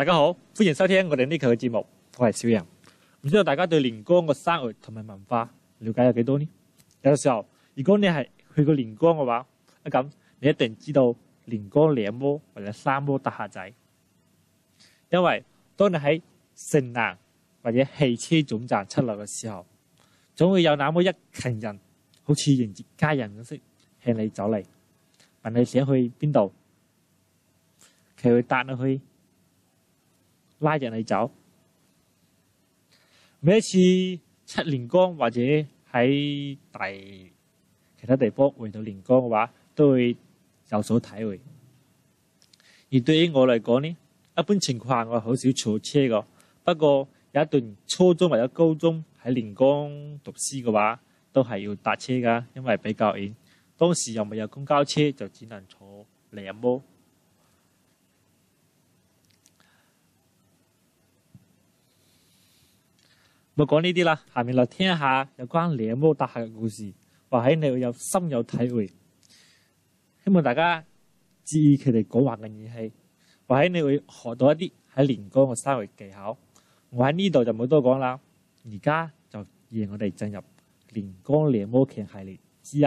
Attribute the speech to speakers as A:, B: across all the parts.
A: 大家好，歡迎收聽我哋呢期嘅節目，我係小楊。唔知道大家對廉江嘅生活同埋文化了解有幾多呢？有時候，如果你係去過廉江嘅話，啊咁你一定知道廉江兩窩或者三窩搭客仔。因為當你喺城南或者汽車總站出嚟嘅時候，總會有那麼一群人，好似迎接家人咁式向你走嚟，問你想去邊度，佢會搭你去。拉住你走，每一次出廉江或者喺大其他地方回到廉江嘅話，都會有所體會。而對於我嚟講呢，一般情況下我好少坐車嘅，不過有一段初中或者高中喺廉江讀書嘅話，都係要搭車噶，因為比較遠。當時又冇有公交車，就只能坐兩摩。我講呢啲啦，下面就聽一下有關兩魔大俠嘅故事，或喺你會有深有體會。希望大家注意佢哋講話嘅語氣，或喺你會學到一啲喺廉江嘅生活技巧。我喺呢度就冇多講啦，而家就讓我哋進入廉江兩摩強系列之一。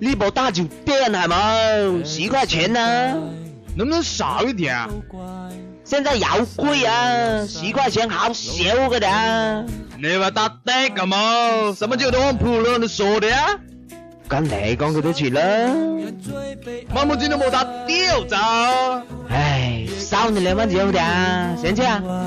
B: 力寶大酒店還冇十塊錢啊，能不能少一點啊？現在油貴啊，十塊錢好少噶噠。你話打的噶冇？什麼叫都按普通話說的呀、啊？跟你講幾多錢啦？媽蚊子都冇打掉走！唉，收你兩蚊子好點啊？上車啊！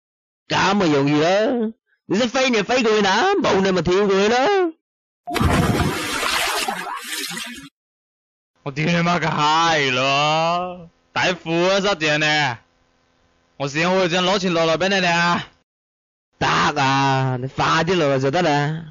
C: 咁咪容易咯，
B: 你識飛你飛過去啦，冇你咪跳過去咯，啊啊。
D: 我屌你媽個閪咯，底褲都失掉你，我先會想攞錢落嚟畀你哋啊。得
B: 啊，你快啲落去就得啦。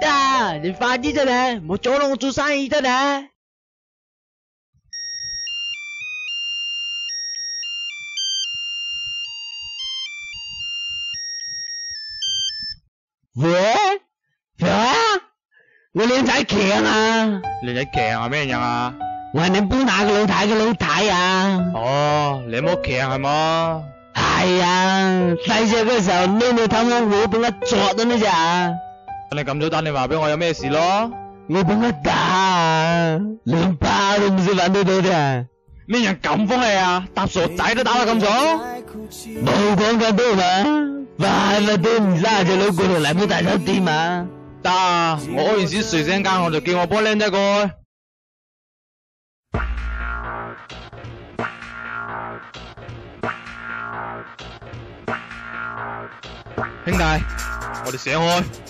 B: 得啊，你快啲啫啦，
D: 冇阻到我做生意得啦。喂？喂？我靚仔強啊！你靚仔強係咩人啊？我係你搬奶個老太嘅老太啊！哦，你冇強係冇？係啊，細隻嘅時候搦你頭先攞本我捉咗你咋？你咁早打電話俾我有咩事咯？我幫佢打兩巴都唔算攞到底啊！咩人咁風氣啊？打傻仔都打到咁
B: 傻？冇講咁多嘛？萬勿掂，揸隻佬嚟俾
D: 大家掂嘛？得，我開始睡醒間，我就叫我哥靚仔過。
B: 兄弟，我哋醒開。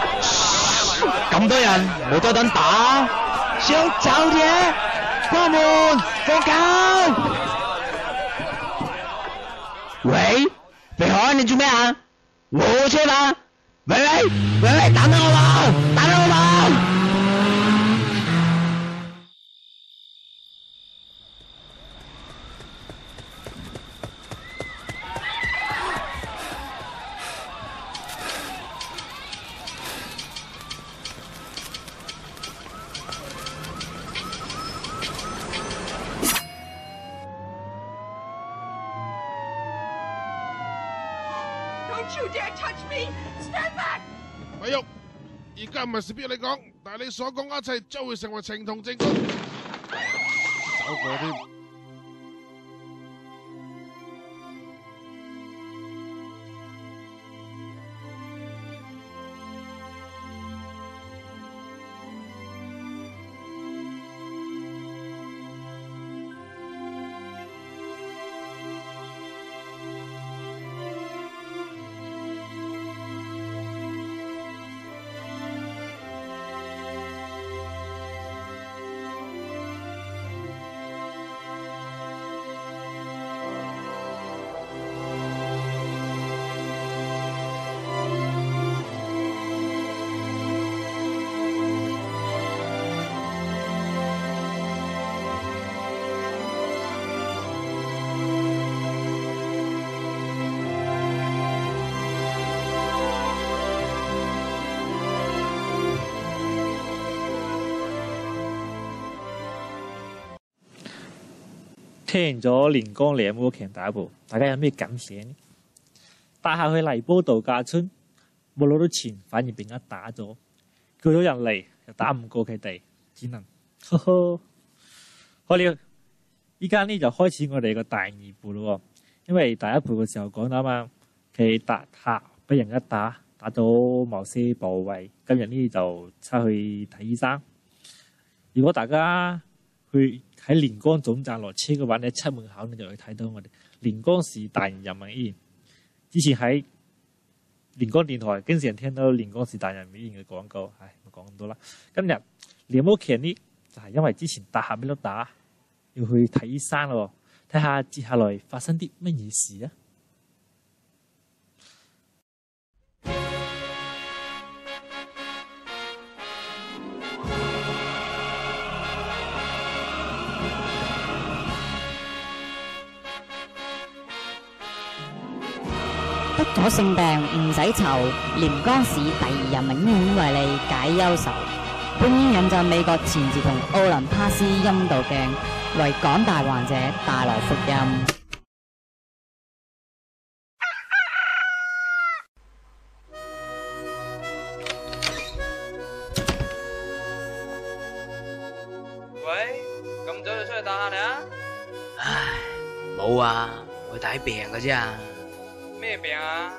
B: 咁多人，冇得等打，想走嘅？關門，放
C: 狗。喂，別海，你做咩啊？我車啦，喂喂喂，等等我啦，等等我啦。
B: 咪係，事必你講，但係你所講一切，將會成為呈堂證供。
C: 啊、走。
A: 聽咗廉江兩摩強第一步，大家有咩感想？搭客去荔波度假村，冇攞到錢，反而俾人家打咗。叫咗人嚟，又打唔過佢哋，只能。呵呵。好了，依家呢就開始我哋嘅第二步咯。因為第一步嘅時候講啦嘛，佢搭客俾人家打，打到某些部位，今日呢就出去睇醫生。如果大家去，喺廉江總站落車嘅話，你出門口，你就會睇到我哋廉江市大仁人民醫院。之前喺廉江電台經常聽到廉江市大仁人民醫院嘅廣告，唉，唔講咁多啦。今日連冇錢呢，就係、啊、因為之前搭下邊都打，要去睇醫生咯，睇下接下來發生啲乜嘢事啊！
D: 得咗性病唔使愁，廉江市第二人民醫院為你解憂愁。本院引進美國前視同奧林巴斯陰道鏡，為廣大患
C: 者帶來福音。
B: 喂，咁早就出去打下你啊？唉，冇啊，去睇病嘅啫。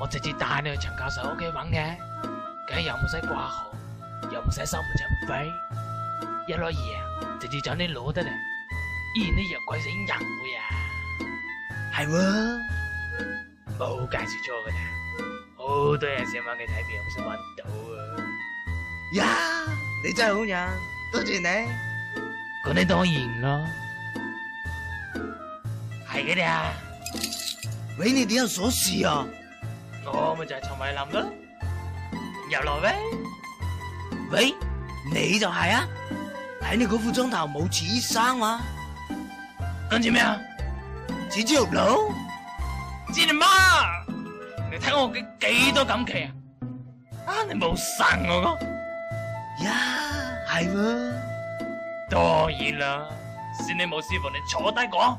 D: 我直接帶你去陳教授屋企玩嘅，咁又唔使掛號，又唔使收門診費，一攞藥直接就搵你攞得啦。醫院又貴死人嘅呀，係冇？冇介紹錯噶啦，好多人
B: 都想問你睇病，唔使搵到啊。呀，你真係好人，多謝你。
D: 咁你當然咯，係噶啦。俾你啲人鎖匙哦。我咪就係陳慧琳咯，入來喂，喂，你就係啊？
B: 睇你嗰副妝頭冇似醫生啊？跟住咩啊？
D: 似豬肉佬？知你媽？你睇我幾幾多錦旗啊？啊，你冇殺我個？呀，係喎、啊，當然啦，算你冇師傅，你坐低講。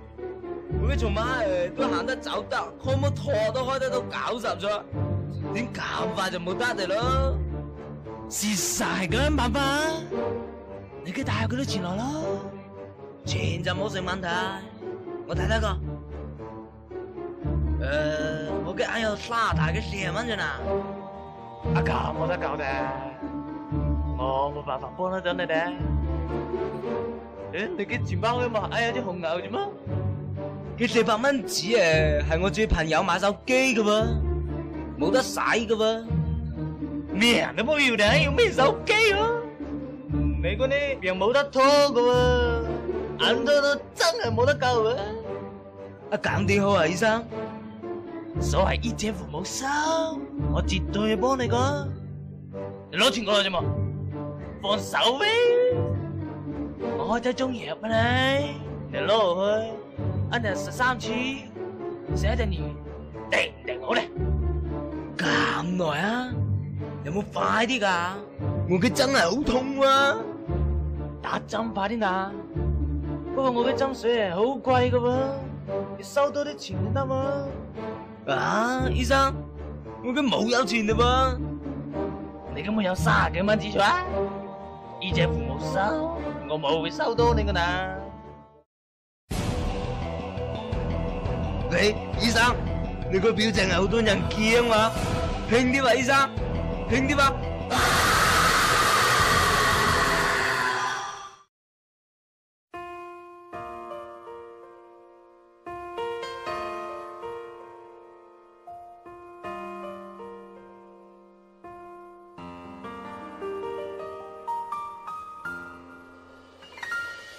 B: 我嘅做乜嘢都行得走得，開摩托都開得到九十咗，點搞法就冇得嚟咯？試晒係咁樣辦法，你嘅帶下幾多錢來啦？錢就冇成問題，我睇睇個。誒、呃，我嘅硬有卅
D: 大嘅四十蚊咋嗱？阿咁冇得搞咋？我冇辦法幫得到你哋。誒、欸，你嘅錢包有冇？哎呀，隻紅
B: 牛咋嘛？呢四百蚊紙誒，係我最朋友買手機嘅喎，冇得使嘅喎，命都冇要你麼，要咩手機啊？你嗰啲病冇得拖嘅喎，銀都真係冇得救啊！啊咁點好啊，醫生，所謂醫者父母心，我絕對要幫你㗎，你攞錢過來啫嘛，放手咩？我開張中藥俾你，你攞落
D: 去。一日十三次，食一隻魚，定定好咧。
B: 咁耐啊，有冇快啲噶？我佢真係好痛啊，打針快啲啦、啊。不過我嘅針水係好貴嘅喎、啊，你收多啲錢先得喎。啊，醫生，我嘅冇有錢嘞喎。你今日有卅幾蚊紙啊，二姐父母收，我冇會收多你噶嗱。喂，醫生，你個表情係好多人驚嘛？拼啲嘛，醫生，拼啲嘛。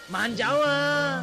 D: 慢走啊！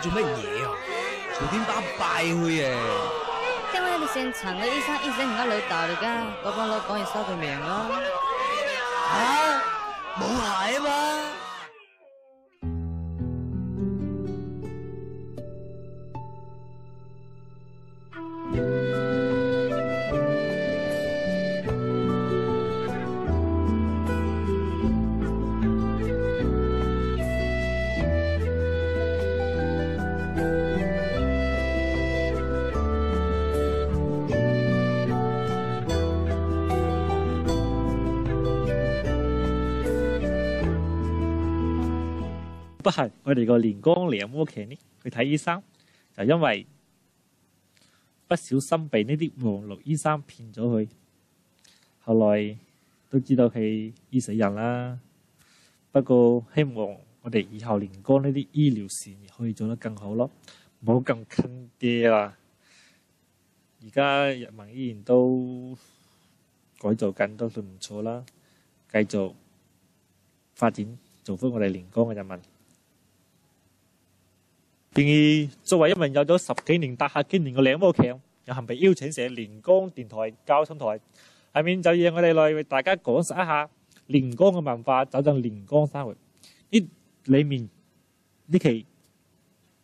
D: 做乜嘢啊？
B: 隨便打敗佢啊。
D: 聽講呢個姓陳嘅醫生醫生唔啱老豆嚟噶，嗰幫佬講要收佢命咯。啊
A: 係我哋個廉江兩屋企呢？去睇醫生就因為不小心被呢啲黃綠醫生騙咗佢。後來都知道佢醫死人啦。不過希望我哋以後廉江呢啲醫療事業可以做得更好咯，唔好咁坑爹啦。而家人民醫院都改造緊，都算唔錯啦。繼續發展，造福我哋廉江嘅人民。然而作為一名有咗十幾年搭客經驗嘅兩摩強，有幸被邀請上廉江電台交通台。下面就讓我哋來為大家講述一下廉江嘅文化，走進廉江生活。呢裡面呢期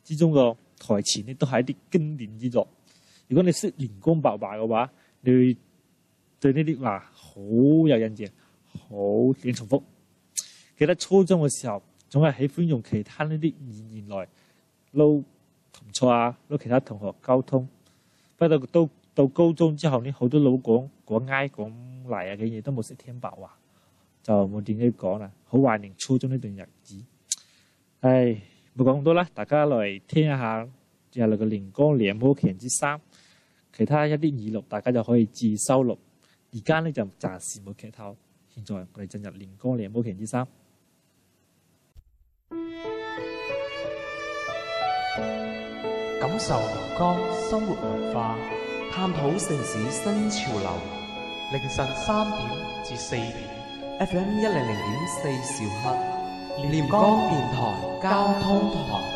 A: 之中嘅台詞呢，都係一啲經典之作。如果你識廉江白話嘅話，你會對對呢啲話好有印象，好想重複。記得初中嘅時候，總係喜歡用其他呢啲語言嚟。撈唔錯啊！撈其他同學溝通，不過到到高中之後呢，好多老廣講埃講嚟啊嘅嘢都冇識聽白話，就冇點樣講啦。好懷念初中呢段日子。唉，冇講咁多啦，大家來聽一下接下來嘅《廉江兩摩強之三》，其他一啲二錄大家就可以自收錄。而家呢，就暫時冇劇透。現在我哋進入《廉江兩摩強之三》。感受廉江生活文化，探討城市
D: 新潮流。凌晨三點至四點，FM 一零零點
B: 四兆赫，廉江電台交通台。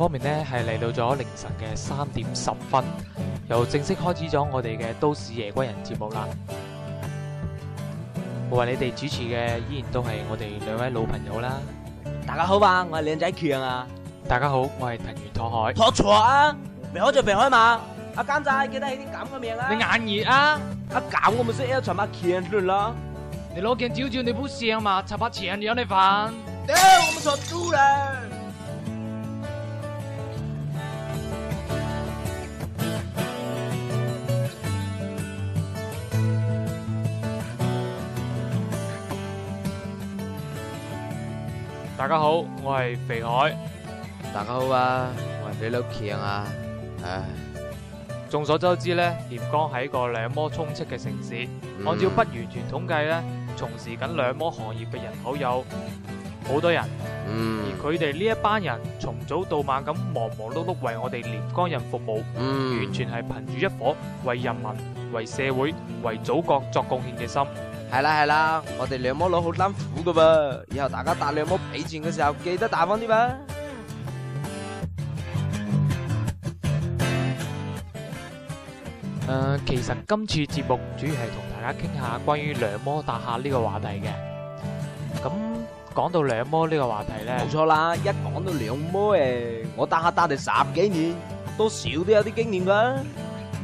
D: 方面咧係嚟到咗凌晨嘅三點十分，又正式開始咗我哋嘅《都市夜歸人》節目啦。我話你哋主持嘅依然都係我哋兩位老朋友啦。大家好啊，我係靚仔強啊。大家好，我係
B: 藤原拓海。拓錯啊！避開就避海嘛，阿甘仔記得起啲咁嘅名啊。
D: 你眼熱啊！阿咁我咪識要尋把鉗算咯。你攞鏡照照你補相嘛，尋把鉗讓你犯。屌，我唔識做啦。大家好，我係肥海。大家好啊，我係肥佬強啊。唉，眾所周知咧，廉江係一個兩摩充斥嘅城市。按照不完全統計咧，從事緊兩摩行業嘅人口有好多人。
C: 嗯。而佢
D: 哋呢一班人從早到晚咁忙忙碌碌，為我哋廉江人服務。嗯。完全係憑住一顆為人民、為社會、為祖國作貢獻嘅心。係啦，係啦，我哋兩摩佬好辛
B: 苦噶噃，以後大家打兩摩俾錢嘅時候記得大方啲吧。誒、呃，
D: 其實今次節目主要係同大家傾下關於兩摩打客呢個話題嘅。咁講到兩摩呢個話題咧，冇錯啦，一講到兩摩誒，
B: 我打下打地十幾年，多少都有啲經驗噶。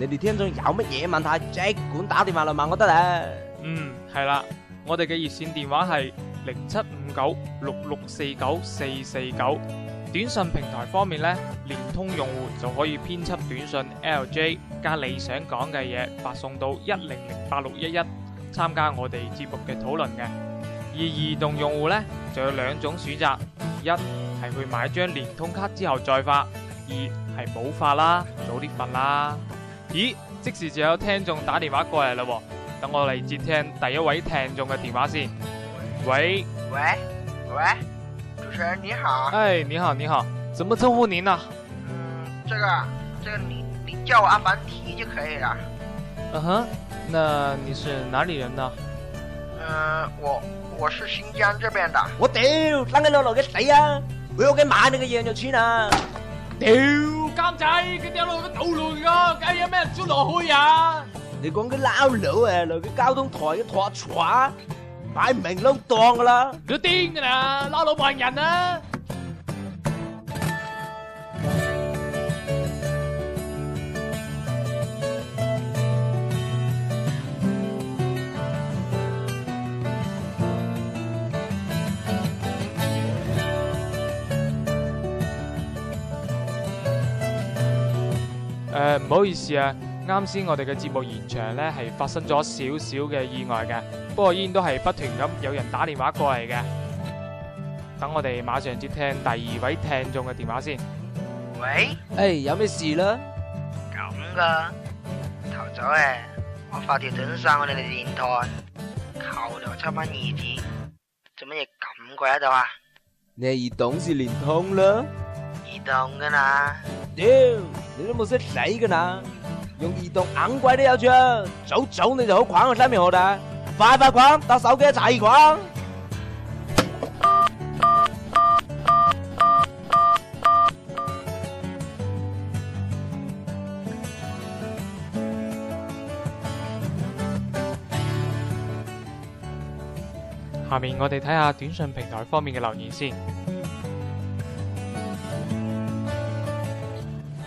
B: 你哋聽眾有乜嘢問題，即管打電話嚟問我，我得啦。嗯。
D: 係啦，我哋嘅熱線電話係零七五九六六四九四四九。短信平台方面呢，聯通用戶就可以編輯短信 LJ 加你想講嘅嘢，發送到一零零八六一一，參加我哋節目嘅討論嘅。而移動用戶呢，就有兩種選擇：一係去買張聯通卡之後再發，二係冇發啦，早啲瞓啦。咦，即時就有聽眾打電話過嚟啦喎。等我嚟接聽第一位聽眾嘅電話先。喂
B: 喂喂，主持人你好。哎，
D: 你好你好，怎麼稱呼您呢、啊？嗯，
B: 這個，這個你你叫我阿凡提就可以了。嗯哼、
D: uh，huh? 那你是哪裏人呢？嗯、
B: 呃，我我是新疆這邊的。我屌，三得六六嘅死呀！我要去買你嘅羊肉串啊！
D: 屌、啊，剛才佢掉落個道路個，咁有咩出落去呀？
B: 你講嗰撈佬呀，嗰交通台嗰拖船擺明撈檔
D: 㗎啦，佢癲㗎啦，撈佬萬人啊！誒，唔好意思啊！啱先我哋嘅節目現場咧，係發生咗少少嘅意外嘅，不過依然都係不斷咁有人打電話過嚟嘅。等我哋馬上接聽第二位聽眾嘅電話先。
B: 喂，
D: 誒，有咩事啦？咁
B: 噶，頭早誒，我發條短信我哋嘅電台，求留七蚊二字，做乜嘢咁貴喺度啊？你係移動定聯通啦。用噶啦，屌，你都冇識死噶啦，用移動昂貴都有錯，走走你就好狂啊！下面何達快快狂，打手機一齊狂。
D: 下面我哋睇下短信平台方面嘅留言先。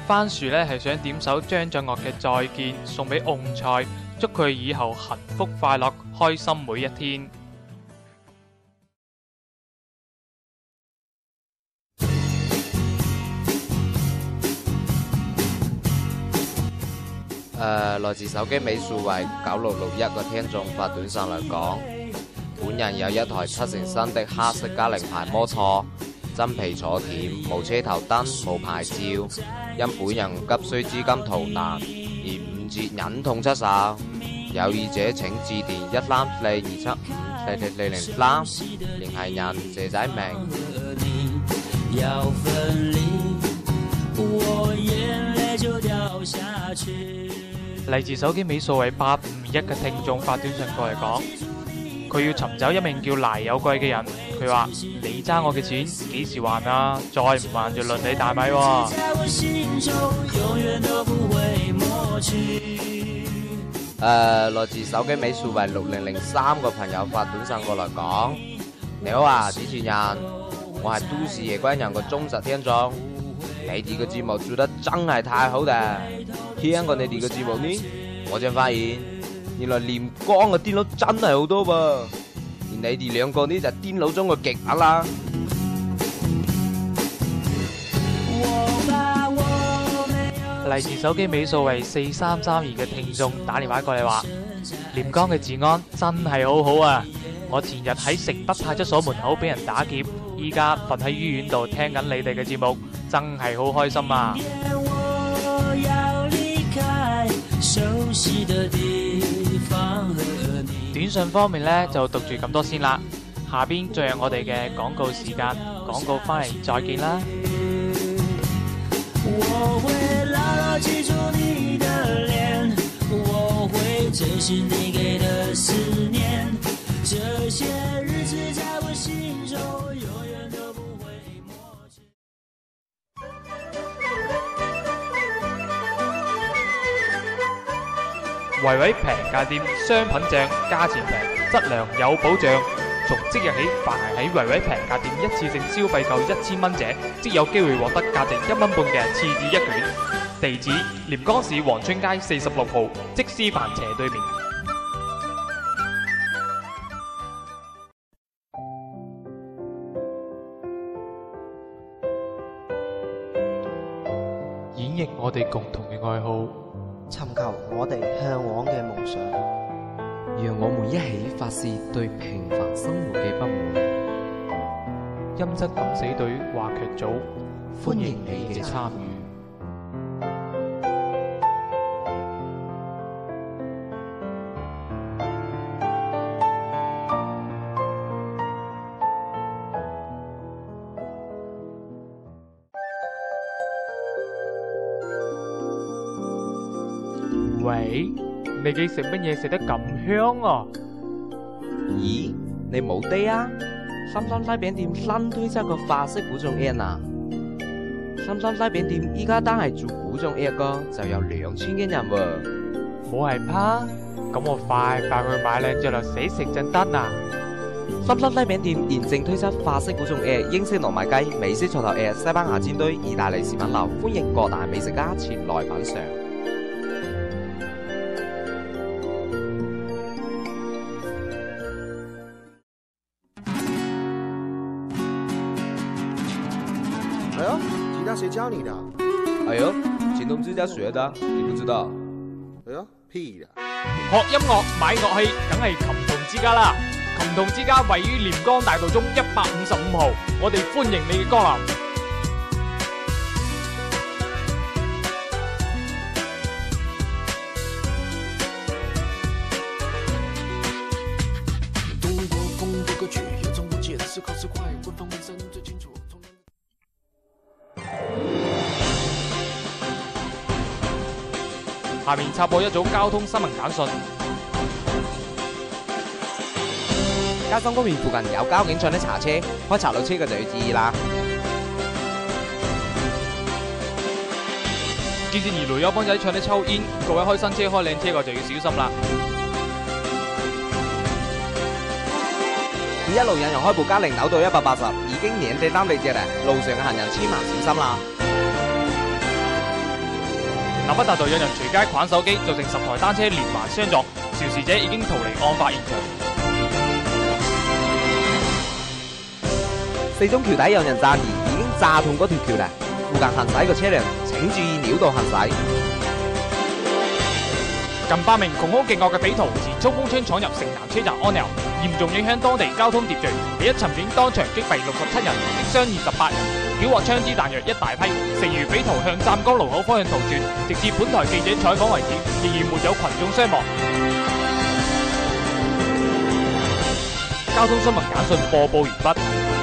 D: 番薯咧係想點首張震岳嘅《再見》送俾 Onion 祝佢以後幸福快樂、開心每一天。
B: 誒、呃，來自手機尾數為九六六一嘅聽眾發短信嚟講：本人有一台七成新的黑色嘉陵牌摩托。真皮坐墊，冇車頭燈，冇牌照，因本人急需資金逃難，而五折忍痛出手。有意者請致電一三四二七五四四四零三，
D: 聯繫人蛇仔明。嚟自手機尾數為八五一嘅聽眾發短信過嚟講佢要尋找一名叫賴有貴嘅人。佢話：你爭我嘅錢幾時還啊？再唔還就輪你大米喎。
B: 誒，來自手機尾數為六零零三嘅朋友發短信過來講：你好啊，主持人，我係都市夜歸人嘅忠實聽眾。你哋嘅節目做得真係太好啦！聽過你哋嘅節目呢，我正發現。原來廉江嘅癲佬真係好多噃，而你哋兩個呢
D: 就癲佬中嘅極品啦。嚟自手機尾數為四三三二嘅聽眾打電話過嚟話，廉江嘅治安真係好好啊！我前日喺城北派出所門口俾人打劫，依家瞓喺醫院度聽緊你哋嘅節目，真係好開心啊！短信方面呢，就讀住咁多先啦。下邊進入我哋嘅廣告時間，廣告翻嚟再
C: 見啦。
D: 維維平價店商品正，價錢平，質量有保障。從即日起，凡係喺維維平價店一次性消費夠一千蚊者，即有機會獲得價值一蚊半嘅廁紙一卷。地址：廉江市黃村街四十六號，即師範斜對面。演繹我哋共同嘅愛好。尋
B: 求我哋向往嘅夢想，
D: 讓我們一起發洩對平凡生活嘅不滿。音質敢死隊話劇組歡迎你嘅參與。自己食乜嘢食得咁香啊？咦，你冇啲啊？
B: 深深西餅店新推出個法式古董宴啊！深深西餅店依家單係做古董宴個就有兩千嘅人喎，啊，我係怕，咁我快快去買靚着嚟死食陣得啊！深深西餅店現正推出法式古董宴，英式糯馬雞，美式菜頭宴，西班牙煎堆，意大利市品流，歡迎各大美食家前來品嘗。教你的？哎呦，琴童之家學的，你不知道？
D: 哎呦，屁的！學音樂買樂器，梗係琴同之家啦。琴同之家位於廉江大道中一百五十五號，我哋歡迎你嘅光臨。下面插播一組交通新聞簡訊。嘉山公園附近有
B: 交警在呢查車，開查路車嘅就要注意啦。
D: 接住而來有幫仔在呢抽煙，各位開新車開靚車嘅就要小心啦。一路引
B: 人開部嘉陵扭到一百八十，已經碾死三四隻啦，路上嘅行人千萬小心啦。
D: 南北大道有人隨街搶手機，造成十台單車連環相撞，肇事者已經逃離案發現場。
B: 四中橋底有人炸地，而已經炸痛嗰條橋啦。附近行駛
D: 嘅車輛請注意繞道行駛。近百名窮兇極惡嘅匪徒持衝鋒槍闖入城南車站安營，嚴重影響當地交通秩序。第一巡警當場擊斃六十七人，擊傷二十八人。繳獲槍支彈藥一大批，剩餘匪徒向湛江路口方向逃竄。直至本台記者採訪為止，仍然沒有群眾傷亡。交通新聞簡訊播報完畢。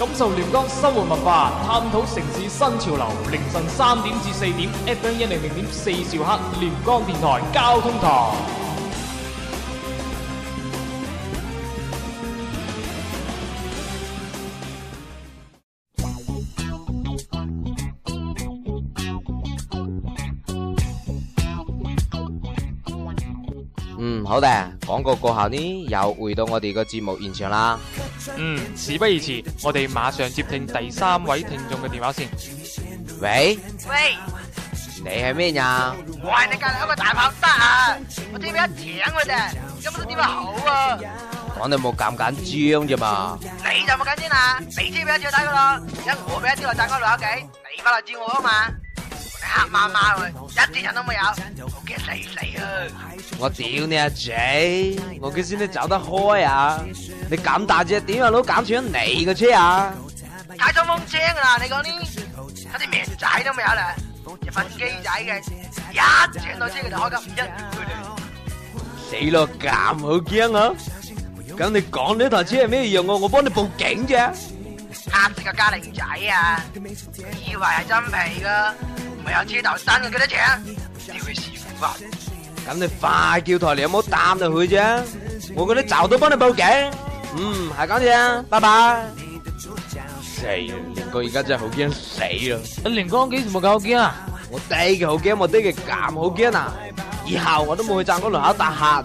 D: 感受廉江生活文化，探討城市新潮流。凌晨三點至四點，FM 一零零點四兆赫，廉江電台交通台。
B: 嗯，好嘅，廣告過後呢，又
D: 回到我哋嘅節目現場啦。嗯，事不宜遲，我哋馬上接聽第三位聽眾嘅電話先。喂喂，是、啊、喂，你係咩人？
B: 我係你隔籬一個大炮得啊！我聽唔到一搶佢啫，咁都點話好啊？講你冇咁緊張啫嘛？你，你就冇緊張啊？你聽唔到一招睇佢咯？而家我俾一招我炸我路口記，你翻嚟接我啊嘛？黑媽媽去，一啲人都冇有，驚死死去！我屌你阿仔，我叫你走得開啊！你咁大隻，點樣老敢搶你嘅車啊？太裝風車啦！你講呢，一啲命仔都冇啦，就瞓機仔嘅，一搶到車佢就開金，一去死咯咁好驚啊！咁你講呢台車係咩用？我我幫你報警啫，嚇死個家玲仔啊！以為係真皮噶。唔係
E: 有
B: 車頭燈嘅幾多錢？屌你屎忽吧！咁你快叫台你有冇擔落去啫！我嗰啲就都幫你報警。嗯，係咁樣，拜拜。
E: 死啊！林哥
B: 而家真係好驚死啊！阿林哥幾時冇咁好驚啊？我低嘅好驚，我低嘅咁好驚啊！以後我都冇去湛江路口打客啊。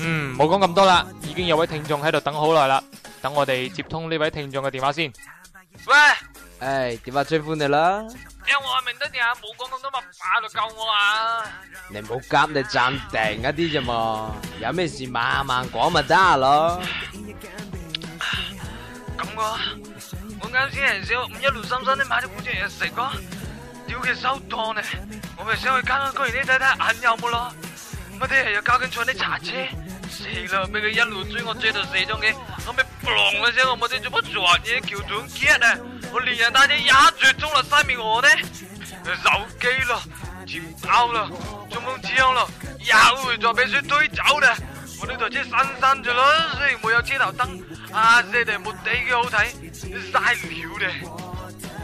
B: 嗯，
D: 冇講咁多啦，已經有位聽眾喺度等好耐啦。等我哋接通呢位聽眾嘅電話先。喂，誒，電話招呼你啦。聽我明得啲啊，冇講咁多嘛，快嚟救我啊！
B: 你唔好急，你暫定一啲咋嘛？有咩事慢慢講咪得咯。
D: 咁個，我啱先人少，唔一路心心啲買咗好多嘢食個，屌佢收檔咧，我咪想去卡拉公寓啲睇睇眼有冇咯。我啲係要交警處啲查車。死啦！俾佢一路追我，追到四中嘅，後尾嘣一聲，我冇知做乜撞嘢橋斷夾啊！我連人帶車一柱衝落山面河呢！手機咯，錢包咯，衝鋒槍咯，又會再俾水推走啦！我呢台車新新咗啦，雖然冇有車頭燈，啊，死地冇比佢好睇，嘥唔曉咧！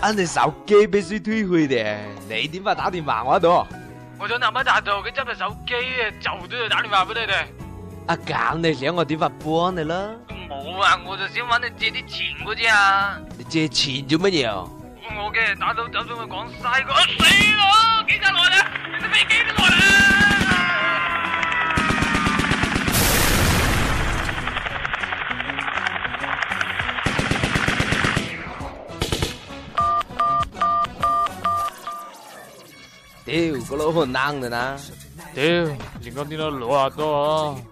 B: 啊，你手機俾水推去嘅，你點解打電話我得到？
D: 我想諗一達度，佢執隻手機嘅，就都要打電話俾你哋。
B: 阿咁你想我點法幫你啦？
D: 冇啊，我就想搵你借啲錢嗰啲啊。
B: 你借錢做乜嘢啊？
D: 我嘅打到打到我講晒個，死咯！幾架來啊？啲飛機都來啦！
B: 屌，個老婆難嘅啦！屌，連嗰啲都攞下多。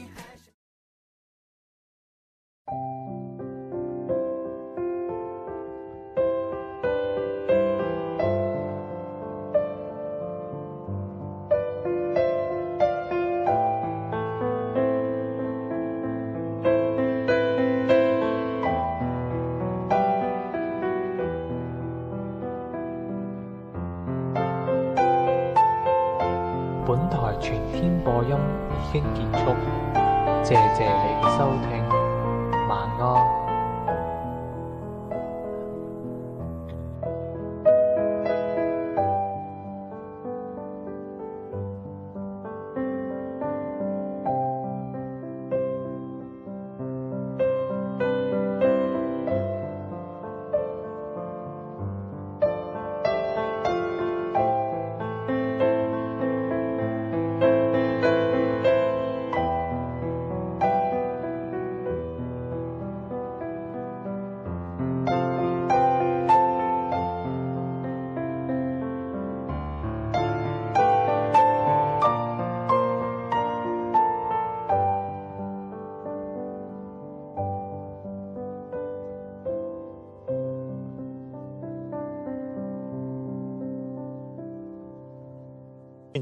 D: 本台全天播音已經結束，謝謝你收聽。
A: 做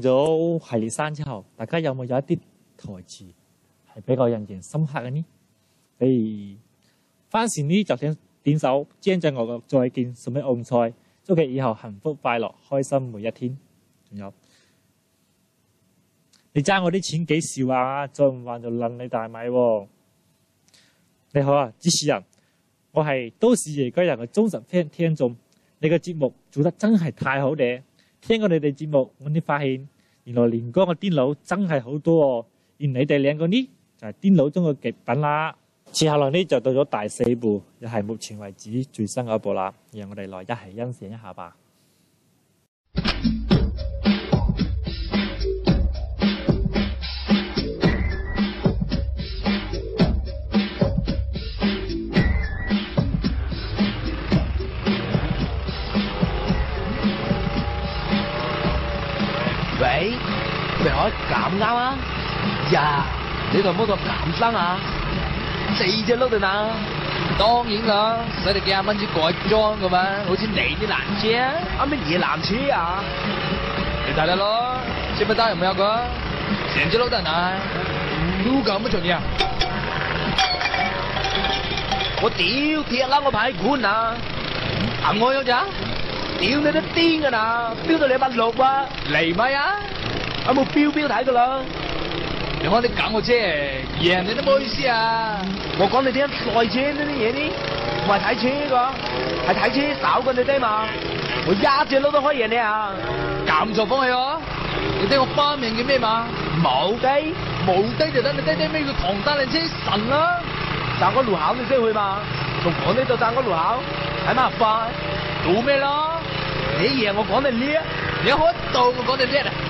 A: 咗系列三之後，大家有冇有一啲台詞係比較印象深刻嘅呢？比如翻時呢就聽點首張震岳嘅《再見》送俾《暗菜》，祝佢以後幸福快樂、開心每一天。仲有你爭我啲錢幾時啊？再唔還就輪你大米。你好啊，主持人，我係都市夜歸人嘅忠實聽聽眾，你嘅節目做得真係太好嘞。聽過你哋節目，我哋發現原來廉江嘅癲佬真係好多，而你哋兩個呢就係癲佬中嘅極品啦。接下來呢就到咗第四部，又係目前為止最新嘅一部啦，讓我哋來一起欣賞一下吧。
B: 唔啱、嗯嗯嗯、啊！呀，你台摩托咁新啊，四隻轆得啊？當然啦，使你幾廿蚊紙改裝噶嘛，好似你啲爛車，啱咩嘢
E: 爛車啊？你睇睇咯，知車不單又唔有啩，成隻轆得係爛，都咁乜重要
B: 啊？我屌，跌撈我排骨啊！行我有咋？屌你都癲噶啦，飆到你一百六啊，釐米啊！有冇標標睇噶啦？你開啲狗嘅車贏你都唔好意思啊！我講你聽賽車呢啲嘢呢，唔係睇車嘅，係睇車手嘅你爹嘛？我一隻佬都開贏你啊！咁重風氣喎，你爹我花名叫咩嘛？冇敵冇敵就得你爹爹咩叫唐山靚車神啦、啊！湛江路口你先去嘛？從我呢度湛江路口，係嘛？快？做咩咯？你贏我講你叻，你開到我講得叻啊！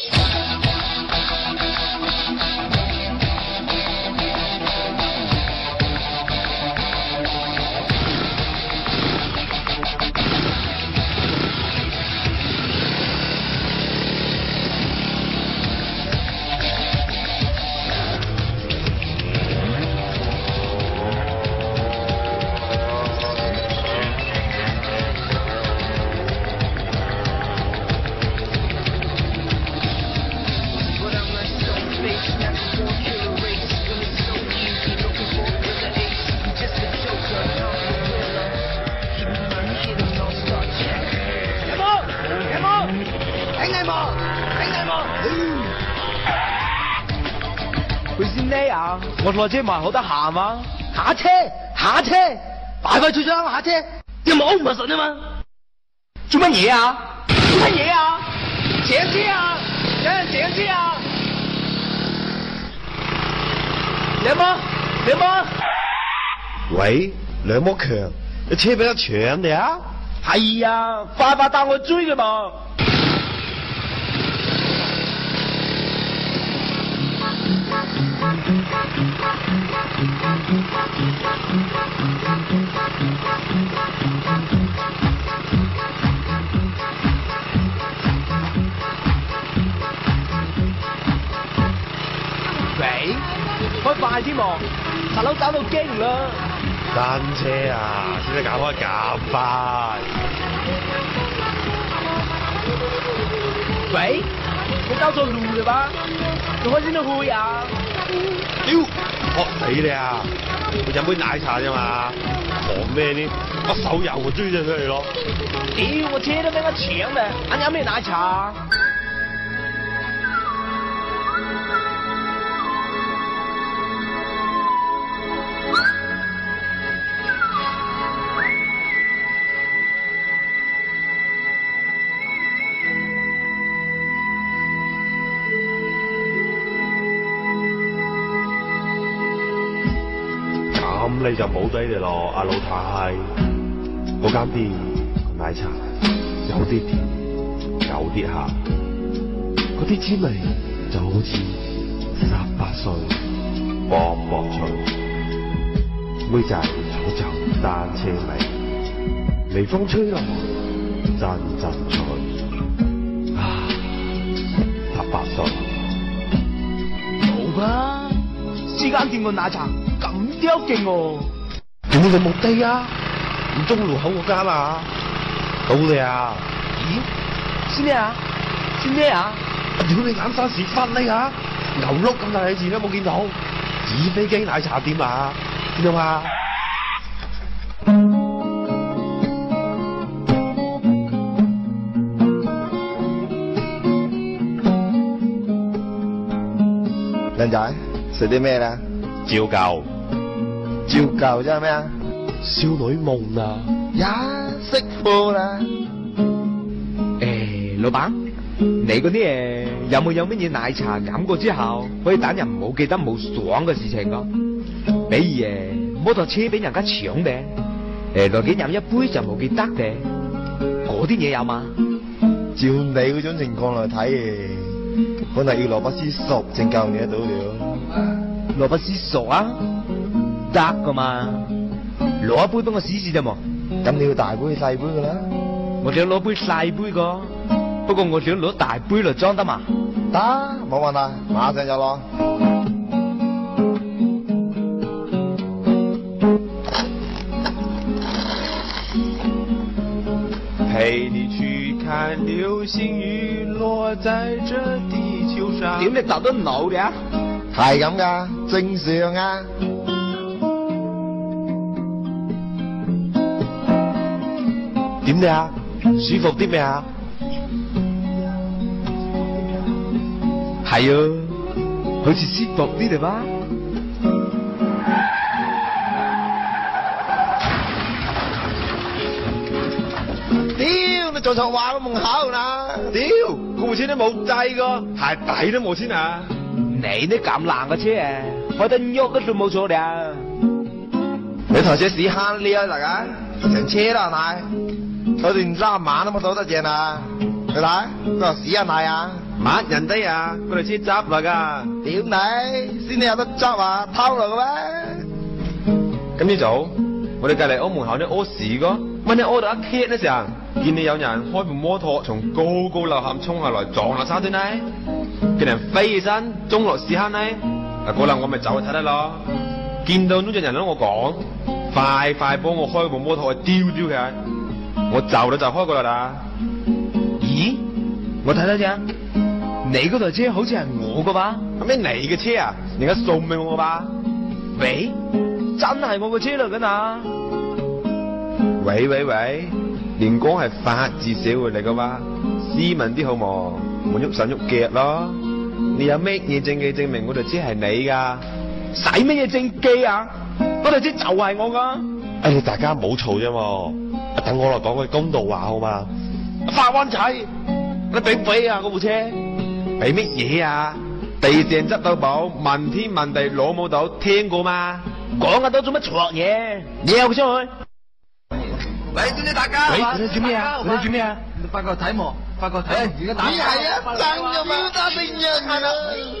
E: 車唔係好得閒嘛，下車下車，快快脆脆啦，下車，你有冇 open 神啊嘛？擺擺做乜嘢啊？做乜嘢啊？借車啊！
C: 借借車啊！兩摩，兩摩，
E: 喂，兩摩強，你車俾人搶你啊？係啊、哎，快快帶我追佢嘛！喂？
B: 開快啲嘛，大佬走到驚了。
E: 單車啊，先至搞開咁快。喂？你搞錯路了吧？我先到湖啊。屌，我、啊、死你啊！我飲杯奶茶啫嘛、啊，講咩呢？我手又、啊、追咗出嚟咯，屌、哎！我
B: 車都俾我搶啊！我飲咩奶茶？啊？
E: 你就冇抵哋咯，阿老太，嗰間店奶茶有啲甜，有啲鹹，嗰啲滋味就好似十八歲，薄薄脆，妹仔坐上單車尾，微風吹落陣陣脆。啊，十八歲，冇啊，呢間店個奶茶。叼勁哦！點你目的地啊？唔、啊、中路口嗰間啊？好嚟啊！咦？先咩啊？先咩啊？屌你眼生屎窟你啊！牛碌咁大嘅字都冇見到？紙飛機奶茶店啊？知道嘛？靚仔食啲咩咧？呢照舊。照舊啫咩啊？少女夢啦，一識貨啦。誒，老闆，你嗰啲誒有冇有乜嘢奶茶飲過之後可以等人唔好記得冇爽嘅事情噶？比如誒摩托車俾人家搶嘅，誒落幾飲一杯就冇記得嘅，嗰啲嘢有嘛？照你嗰種情況嚟睇，可能要羅伯斯熟正教你得到了。羅伯斯熟啊？得噶嘛，攞一杯幫我試試咋嘛？咁你要大杯細杯噶啦？我想攞杯細杯噶，不過我想攞大杯嚟裝得嘛？得，冇問題，馬上就咯。陪你去看流星雨，落在這地球上。點你答得腦嘅？係咁噶，正常啊。點你啊？舒服啲未啊？係啊，好似舒服啲哋嘛？屌，你做錯話個門口啊！屌，我部車都冇制個，鞋底都冇先啊！你啲咁爛嘅車，開得喐都算冇錯啊！你台車屎坑裂啊！大家上車啦，係咪？佢哋三晚都冇掃得淨啊！你睇，佢話屎啊泥啊，抹人哋啊，佢哋車執來噶，屌你！先都有得執啊，偷落嘅咩？咁呢早，我哋隔籬屋門口啲屙屎個，乜你屙到一茄呢成，見你有人開部摩托從高高樓坎衝下來撞下沙堆呢？佢人飛起身中落屎坑呢？嗱嗰粒我咪走去睇得咯，見到呢隻人啦我講，快快幫我開部摩托去丟丟佢！我快就到就開過嚟啦。咦？我睇睇先，你嗰台車好似係我嘅哇。咩你嘅車啊？而家送俾我的吧，喂我的喂。喂，真係我嘅車嚟噶嗱。喂喂喂，廉江係法治社會嚟嘅嘛？斯文啲好冇，唔喐手喐腳咯。你有咩嘢證據證明我台車係你噶？使咩嘢證據啊？我台車就係我噶。哎，大家唔好嘈啫喎。等我來講句公道話好嘛？花灣仔，你俾唔俾啊？嗰部車俾乜嘢啊？地上執到寶，問天問地攞冇到，聽過嘛？講咁多做乜錯嘢？
D: 你入去出去。喂，
E: 小姐大家。喂，你做咩啊？你做咩
D: 啊？發個睇望，發個睇。你係啊，真嘅秒打名人啊！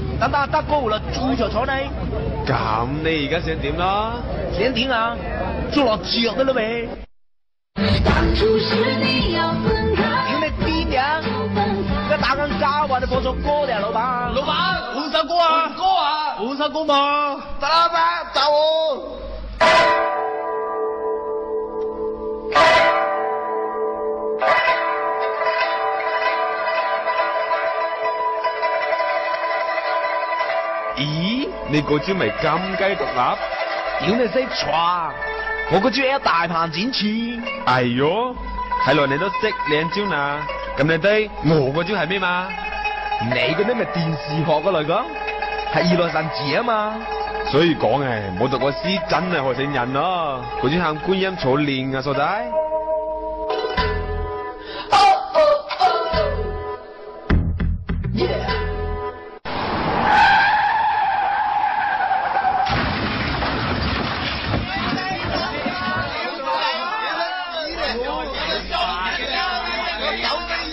E: 等等阿德哥嚟，坐坐坐你現在。咁你而家想點啊？想
B: 點啊？捉落
E: 着得啦咩？有
B: 咩點呀？個打緊交你播首歌啊，老板。老闆，五
E: 首歌啊？五十個啊？五十個嘛？得啦嘛，走。走 咦，你嗰招咪金雞獨立？屌你識錯啊！我嗰招係一大鵬展翅。哎喲、哦，睇來你都識兩招嗱，咁你啲我嗰招係咩嘛？你嗰啲咪電視學過嚟噶，係二六神字啊嘛。所以講誒，冇讀過書真係害死人囉、啊！嗰招喊觀音坐蓮啊，傻仔！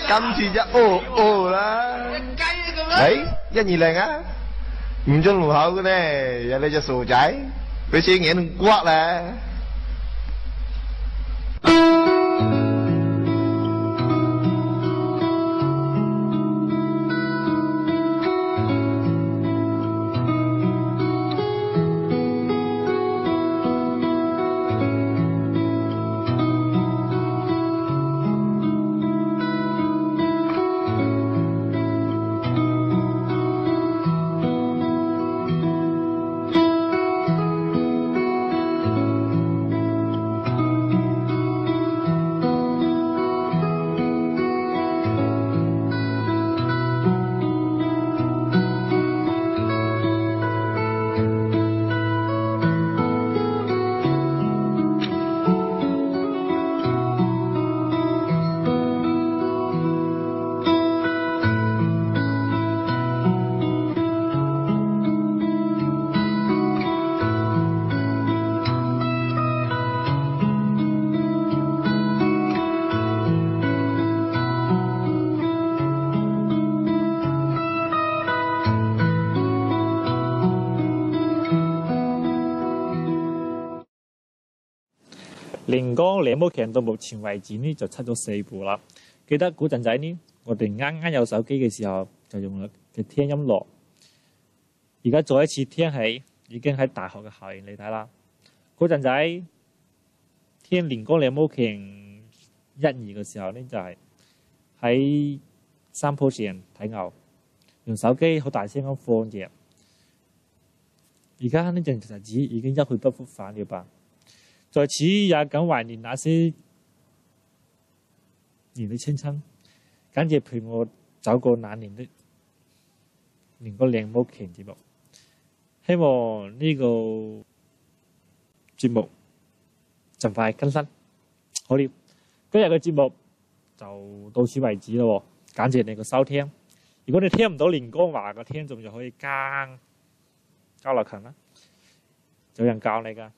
C: 今次就
E: 哦哦啦！哎，一二零啊，五中路口嘅咧，有呢隻傻仔俾車碾到骨啦！
A: 《廉江兩摩強》到目前為止呢，就出咗四部啦。記得嗰陣仔呢，我哋啱啱有手機嘅時候，就用嚟聽音樂。而家再一次聽起，已經喺大學嘅校園嚟睇啦。嗰陣仔聽《廉江兩摩強》一二嘅時候呢，就係喺山坡上睇牛，用手機好大聲咁放住。而家呢陣日子已經一去不復返了吧？在此也咁懷念那些年的青春，感謝陪我走過那年的廉江兩摩強節目。希望呢個節目盡快更新，好啲。今日嘅節目就到此為止咯。感謝你嘅收聽。如果你聽唔到廉江話嘅聽眾，就可以加交流群啦，有人教你噶。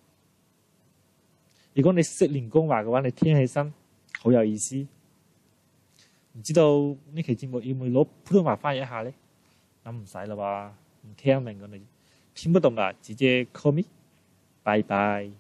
A: 如果你識廉江話嘅話，你聽起身好有意思。唔知道呢期節目要唔要攞普通話翻譯一下呢？噉唔使啦喎，唔聽明噉你聽不懂㗎，直接 call me。拜拜。